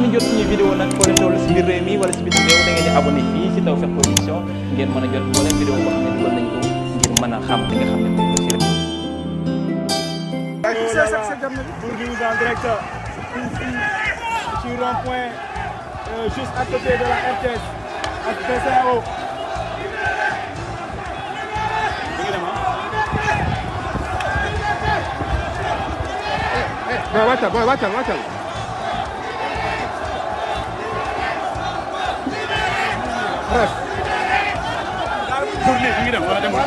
ngeen jot suñu vidéo nag foo leen toll si biir réew mi wala si biti réew da ngeen di abonné fii si Tawfekh Production ngeen mën a jot moo leen vidéo boo xam ne dugal nañ ko ngir mën a xam li nga xam ne moom lañ ko Bour Gueweus en direct sur un point euh, juste à côté de la RTS ak PCAO Boy wàccal boy wàccal wàccal ref tournée bi ngi dem wala demul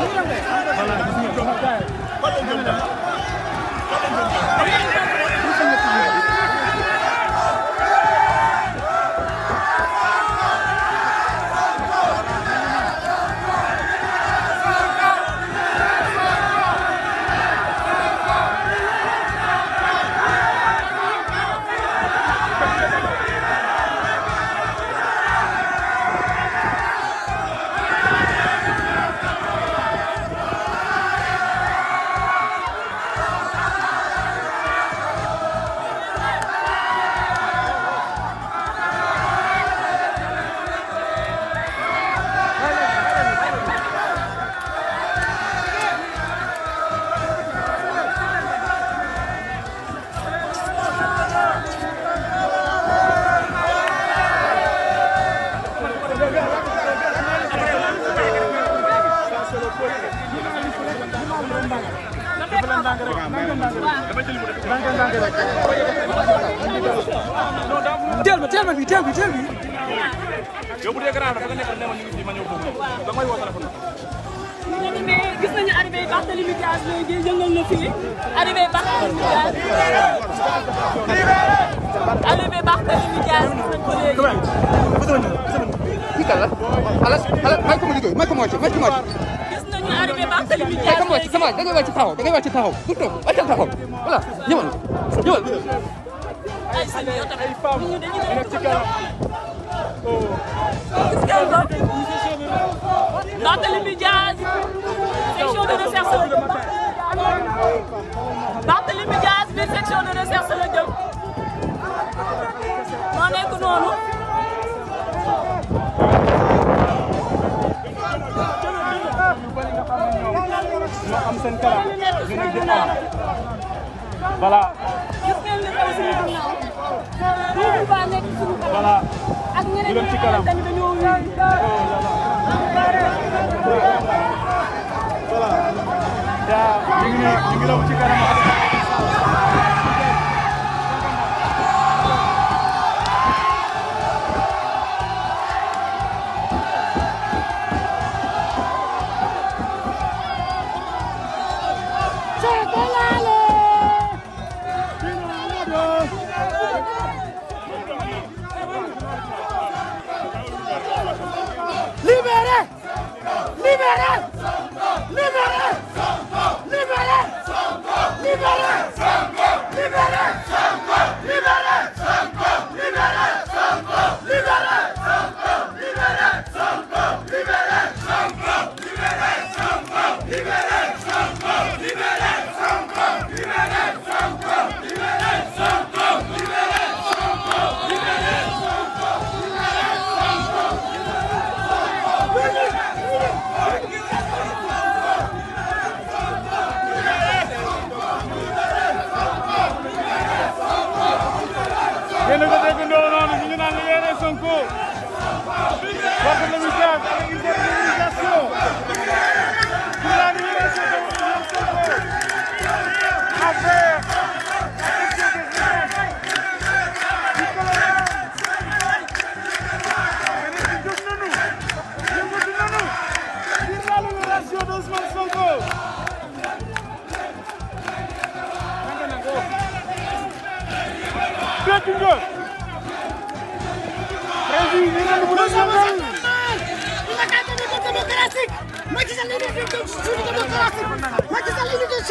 teel ma teel ma bi teel bi teel bi. yow bu dee gannaaw dafa nekk ne ma ñu ngi fi ma ñëw foofu noonu da may woo téléphone. mais gis nañu arrivé Barthélémy Dias léegi yëngal na fii arrivé Barthélémy Dias. arrivé Barthélémy Dias gis nañ ko léegi. kii kan la alas alas may ko ma liggéey may ko ma wàcce may ko ma wàcce ñu arrivé Barthélémy Dias da ngay wàcc taxaw da ngay wàcc taxaw pour toog wàccal taxaw voilà ñëwal ñëwal ay sëñ yow tamit ñu dañu seen kanam gën a jëm voilà. voilà. ñu dem ci kanam. voilà. yaa ñu ngi ñu ngi daw ci kanam.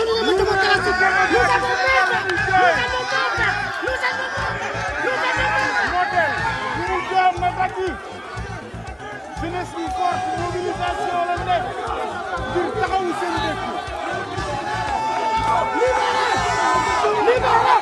absolument démocratique. Nous avons peur. Nous avons peur. Nous avons peur. Nous avons peur. Modèle, nous sommes abattus. Jeunesse bi forte mobilisation la nekk ngir taxawu seen dëkk. Libéré! Libéré!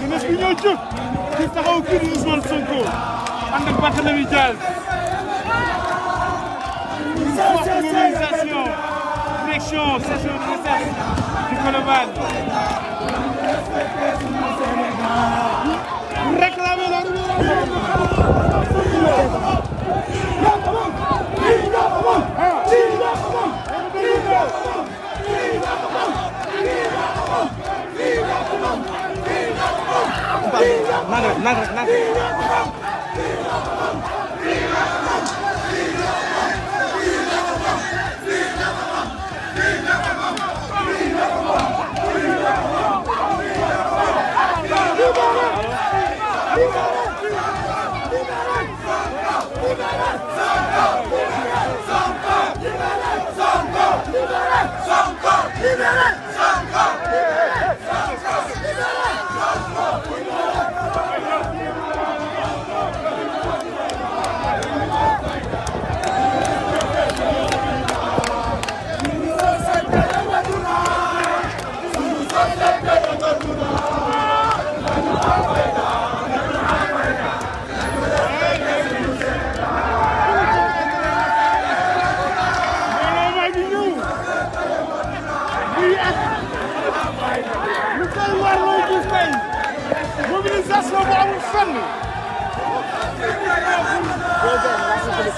jeunesse bi ñoo jóg ci taxaw kii di Ousmane Sonko ànd ak Barthélémy Diaz une forte mobilisation direction section de recherche du Colobane réclamer la นั่งนั่ง你别来！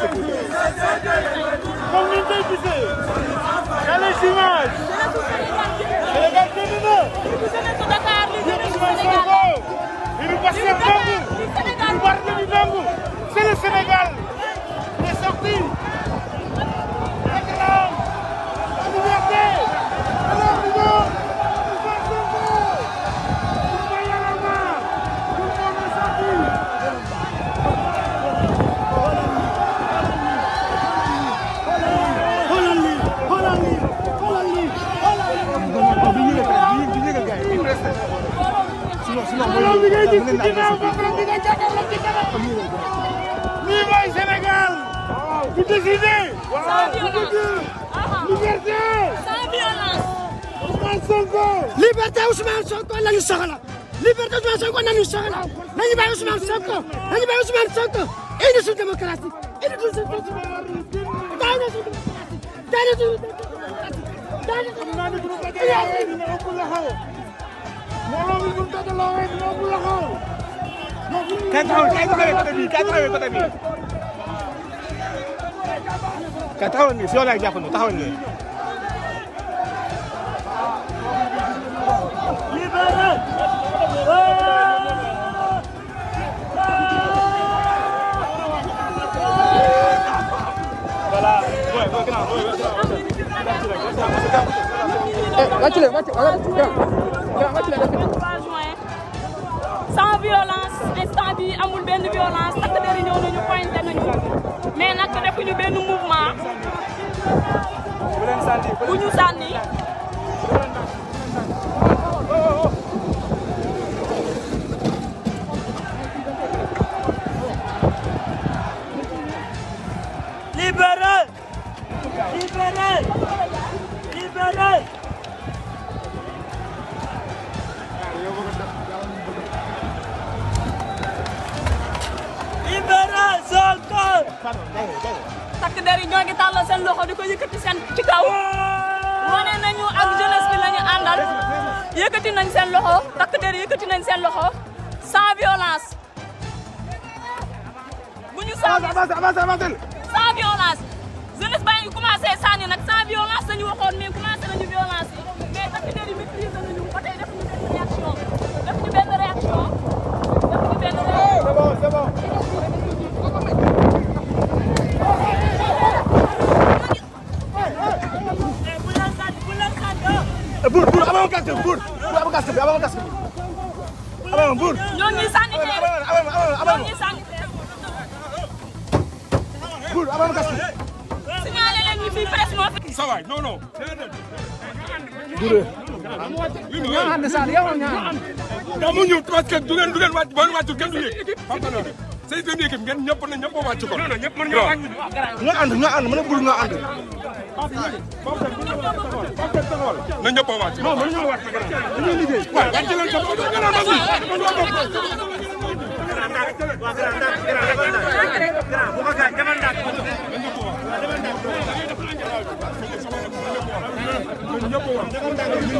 sécurité du décider. sans violence liberté. sans violence. Ousmane Sonko. liberté Ousmane Sonko la ñu soxla. liberté Ousmane Sonko la ñu soxla. na ñu bàyyi Ousmane Sonko. na ñu bàyyi Ousmane Sonko. indi suñu démocratie. indi suñu démocratie. daaw na suñu démocratie. daaw na suñu démocratie. daaw na suñu démocratie. Kata, kata, kata, kata, kata, kata, kay taxawal nii si yow laay jàpp nii taxawal nii. Eh, wàcc leen wàcc sans violence instant bi amul benn violence takk der yi ñëw nañu pointé nañu. mais nag defuñu benn mouvement bu ñu sànni taxaw di seen ci wane nañu ak jeunesse bi la ñu àndal yëkkati nañ seen loxo takk der yëkkati nañ seen loxo sans violence bu ñu sans violence jeunesse baa ngi commencé sànni nag sans violence dañu waxoon mais commencé nañu violence yi takk der yi non non Touré ñoo ànd Sall yow ñoo ànd damuñu parce que du ngeen du ngeen wàcc boo ngeen wàccul kenn du yëg xam nga loolu say seen na ñëpp wàcc ko non non ñëpp mën ñoo wàcc ñoo ànd ñoo ànd mën a bul ñoo ànd